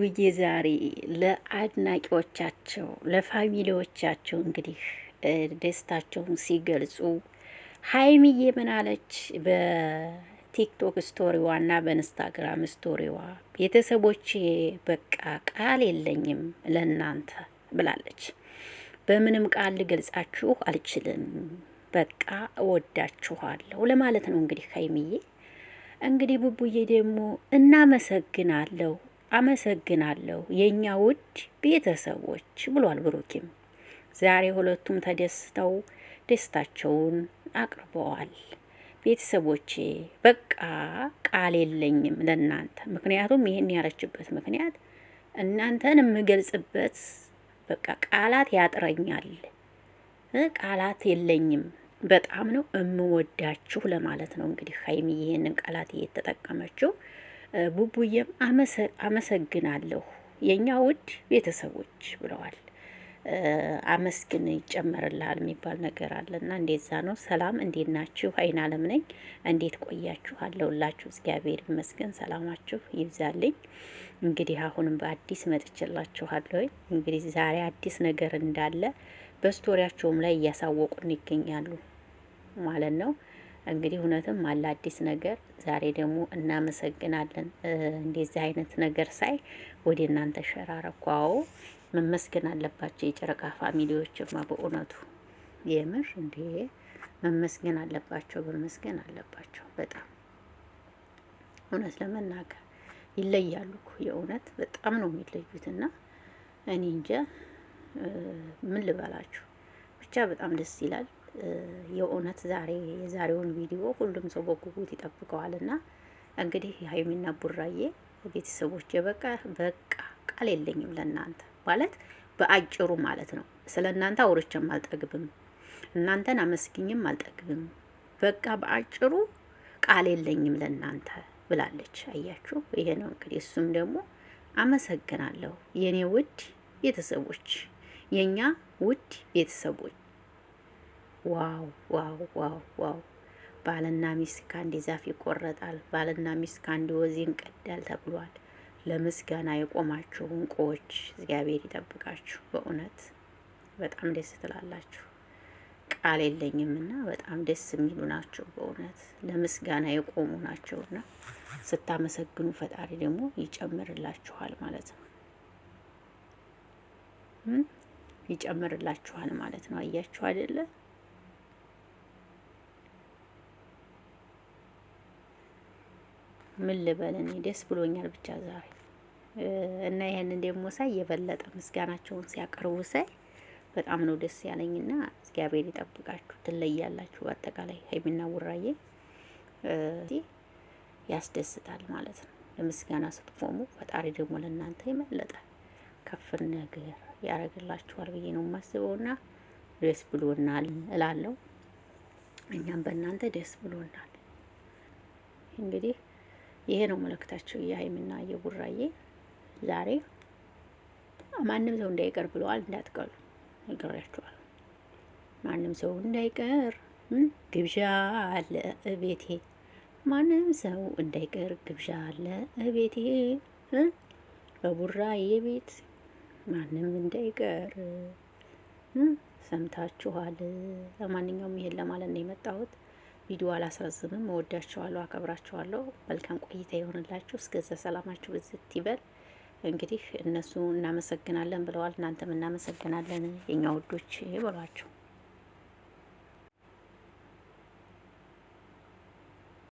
አደጉዬ ዛሬ ለአድናቂዎቻቸው ለፋሚሊዎቻቸው እንግዲህ ደስታቸውን ሲገልጹ ሀይሚዬ ምናለች በቲክቶክ ስቶሪዋ እና በኢንስታግራም ስቶሪዋ ቤተሰቦቼ በቃ ቃል የለኝም ለእናንተ ብላለች። በምንም ቃል ልገልጻችሁ አልችልም፣ በቃ እወዳችኋለሁ ለማለት ነው እንግዲህ ሀይሚዬ እንግዲህ ቡቡዬ ደግሞ እናመሰግናለሁ አመሰግናለሁ የእኛ ውድ ቤተሰቦች ብሏል። ብሩኪም ዛሬ ሁለቱም ተደስተው ደስታቸውን አቅርበዋል። ቤተሰቦቼ በቃ ቃል የለኝም ለእናንተ። ምክንያቱም ይህን ያረችበት ምክንያት እናንተን የምገልጽበት በቃ ቃላት ያጥረኛል፣ ቃላት የለኝም። በጣም ነው እምወዳችሁ ለማለት ነው እንግዲህ ሀይሚ ይህንን ቃላት እየተጠቀመችው ቡቡዬም አመሰግናለሁ የእኛ ውድ ቤተሰቦች ብለዋል። አመስግን ይጨመርልሃል የሚባል ነገር አለና እንደዛ ነው። ሰላም እንዴት ናችሁ? አይን አለም ነኝ። እንዴት ቆያችሁ? አለሁላችሁ። እግዚአብሔር ይመስገን። ሰላማችሁ ይብዛልኝ። እንግዲህ አሁንም በአዲስ መጥቼላችኋለሁ። እንግዲህ ዛሬ አዲስ ነገር እንዳለ በስቶሪያቸውም ላይ እያሳወቁን ይገኛሉ ማለት ነው። እንግዲህ እውነትም አለ አዲስ ነገር። ዛሬ ደግሞ እናመሰግናለን። እንደዚህ አይነት ነገር ሳይ ወደ እናንተ ሸራረኳው መመስገን አለባቸው የጨረቃ ፋሚሊዎችማ በእውነቱ የምር እንዴ መመስገን አለባቸው፣ መመስገን አለባቸው። በጣም እውነት ለመናገር ይለያሉ እኮ የእውነት በጣም ነው የሚለዩት። እና እኔ እንጃ ምን ልበላችሁ ብቻ በጣም ደስ ይላል። የእውነት ዛሬ የዛሬውን ቪዲዮ ሁሉም ሰው በጉጉት ይጠብቀዋልና እንግዲህ ሀይሚና ቡራዬ ቤተሰቦች የበቃ በቃ ቃል የለኝም ለእናንተ ማለት በአጭሩ ማለት ነው። ስለ እናንተ አውርቼም አልጠግብም፣ እናንተን አመስግኝም አልጠግብም። በቃ በአጭሩ ቃል የለኝም ለእናንተ ብላለች። አያችሁ፣ ይሄ ነው እንግዲህ። እሱም ደግሞ አመሰግናለሁ የኔ ውድ ቤተሰቦች፣ የኛ ውድ ቤተሰቦች ዋው ዋው ዋው ዋው! ባልና ሚስት ከአንድ ዛፍ ይቆረጣል፣ ባልና ሚስት ከአንድ ወዝ ይንቀዳል ተብሏል። ለምስጋና የቆማችሁ እንቁዎች እግዚአብሔር ይጠብቃችሁ። በእውነት በጣም ደስ ትላላችሁ። ቃል የለኝም እና በጣም ደስ የሚሉ ናቸው። በእውነት ለምስጋና የቆሙ ናቸው ና ስታመሰግኑ ፈጣሪ ደግሞ ይጨምርላችኋል ማለት ነው ይጨምርላችኋል ማለት ነው። አያችሁ አይደለ? ምን ልበል እኔ ደስ ብሎኛል ብቻ ዛሬ እና ይሄንን ደግሞ ሳይ የበለጠ ምስጋናቸውን ሲያቀርቡ ሳይ በጣም ነው ደስ ያለኝና እግዚአብሔር ይጠብቃችሁ፣ ትለያላችሁ። በአጠቃላይ ሀይሚና ቡራዬ ያስደስታል ማለት ነው። ለምስጋና ስትቆሙ ፈጣሪ ደግሞ ለእናንተ የመለጠ ከፍ ነገር ያደርግላችኋል ብዬ ነው የማስበውና ደስ ብሎናል እላለሁ። እኛም በእናንተ ደስ ብሎናል እንግዲህ ይሄ ነው መልእክታቸው የሀይሚና የቡራዬ ዛሬ ማንም ሰው እንዳይቀር ብለዋል። እንዳትቀሉ ነግሬያቸዋል። ማንም ሰው እንዳይቀር ግብዣ አለ እቤቴ። ማንም ሰው እንዳይቀር ግብዣ አለ እቤቴ። በቡራዬ ቤት ማንም እንዳይቀር ሰምታችኋል። ለማንኛውም ይሄን ለማለት ነው የመጣሁት። ቪዲዮ አላስረዝምም። እወዳቸዋለሁ፣ አከብራቸዋለሁ። መልካም ቆይታ ይሆንላችሁ። እስከዛ ሰላማችሁ ብዝት ይበል። እንግዲህ እነሱ እናመሰግናለን ብለዋል፣ እናንተም እናመሰግናለን የኛ ውዶች ብሏቸው